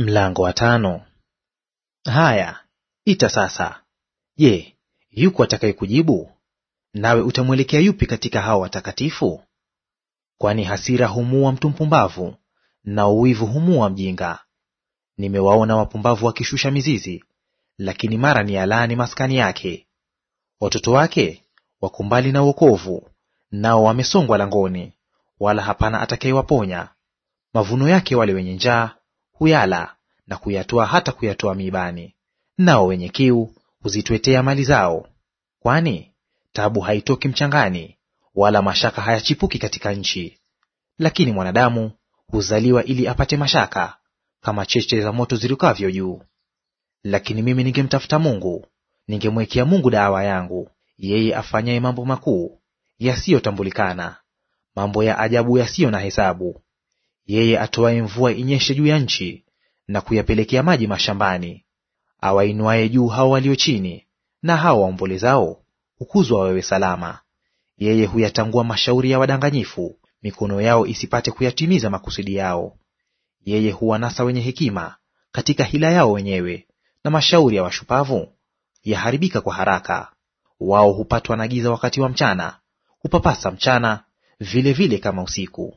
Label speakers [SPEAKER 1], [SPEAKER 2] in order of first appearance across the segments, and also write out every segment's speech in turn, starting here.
[SPEAKER 1] Mlango wa tano. Haya, ita sasa. Je, yuko atakayekujibu? Nawe utamwelekea yupi katika hao watakatifu? Kwani hasira humua mtu mpumbavu, na uwivu humua mjinga. Nimewaona wapumbavu wakishusha mizizi, lakini mara ni alaani maskani yake. Watoto wake wako mbali na wokovu, nao wamesongwa langoni, wala hapana atakayewaponya. Mavuno yake wale wenye njaa huyala na kuyatoa hata kuyatoa miibani, nao wenye kiu huzitwetea mali zao. Kwani tabu haitoki mchangani, wala mashaka hayachipuki katika nchi. Lakini mwanadamu huzaliwa ili apate mashaka, kama cheche za moto zirukavyo juu. Lakini mimi ningemtafuta Mungu, ningemwekea Mungu dawa yangu, yeye afanyaye mambo makuu yasiyotambulikana, mambo ya ajabu yasiyo na hesabu yeye atoaye mvua inyeshe juu ya nchi na kuyapelekea maji mashambani, awainuaye juu hao walio chini, na hao waombolezao hukuzwa wawe salama. Yeye huyatangua mashauri ya wadanganyifu, mikono yao isipate kuyatimiza makusudi yao. Yeye huwanasa wenye hekima katika hila yao wenyewe, na mashauri ya washupavu yaharibika kwa haraka. Wao hupatwa na giza wakati wa mchana, hupapasa mchana vilevile vile kama usiku.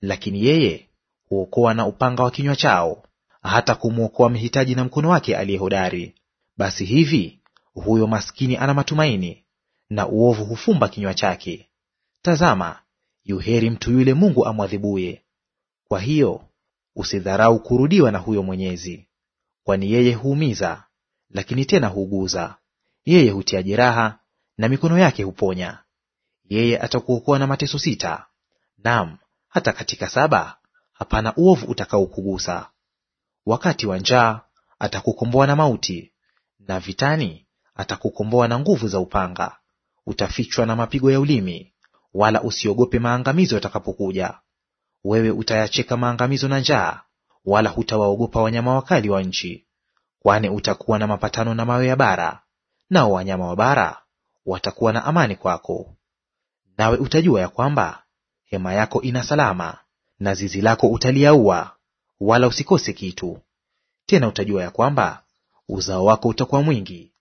[SPEAKER 1] Lakini yeye huokoa na upanga wa kinywa chao, hata kumwokoa mhitaji na mkono wake aliye hodari. Basi hivi huyo maskini ana matumaini, na uovu hufumba kinywa chake. Tazama, yuheri mtu yule Mungu amwadhibuye. Kwa hiyo usidharau kurudiwa na huyo Mwenyezi, kwani yeye huumiza, lakini tena huuguza; yeye hutia jeraha, na mikono yake huponya. Yeye atakuokoa na mateso sita; naam, hata katika saba hapana uovu utakaokugusa. Wakati wa njaa atakukomboa na mauti, na vitani atakukomboa na nguvu za upanga. Utafichwa na mapigo ya ulimi, wala usiogope maangamizo yatakapokuja. Wewe utayacheka maangamizo na njaa, wala hutawaogopa wanyama wakali wa nchi, kwani utakuwa na mapatano na mawe ya bara, nao wanyama wa bara watakuwa na amani kwako. Nawe utajua ya kwamba hema yako ina salama, na zizi lako utaliaua, wala usikose kitu. Tena utajua ya kwamba uzao wako utakuwa mwingi,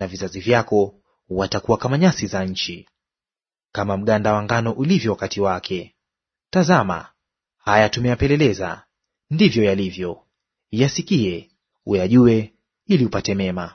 [SPEAKER 1] na vizazi vyako watakuwa kama nyasi za nchi, kama mganda wa ngano ulivyo wakati wake. Tazama, haya tumeyapeleleza, ndivyo yalivyo; yasikie uyajue, ili upate mema.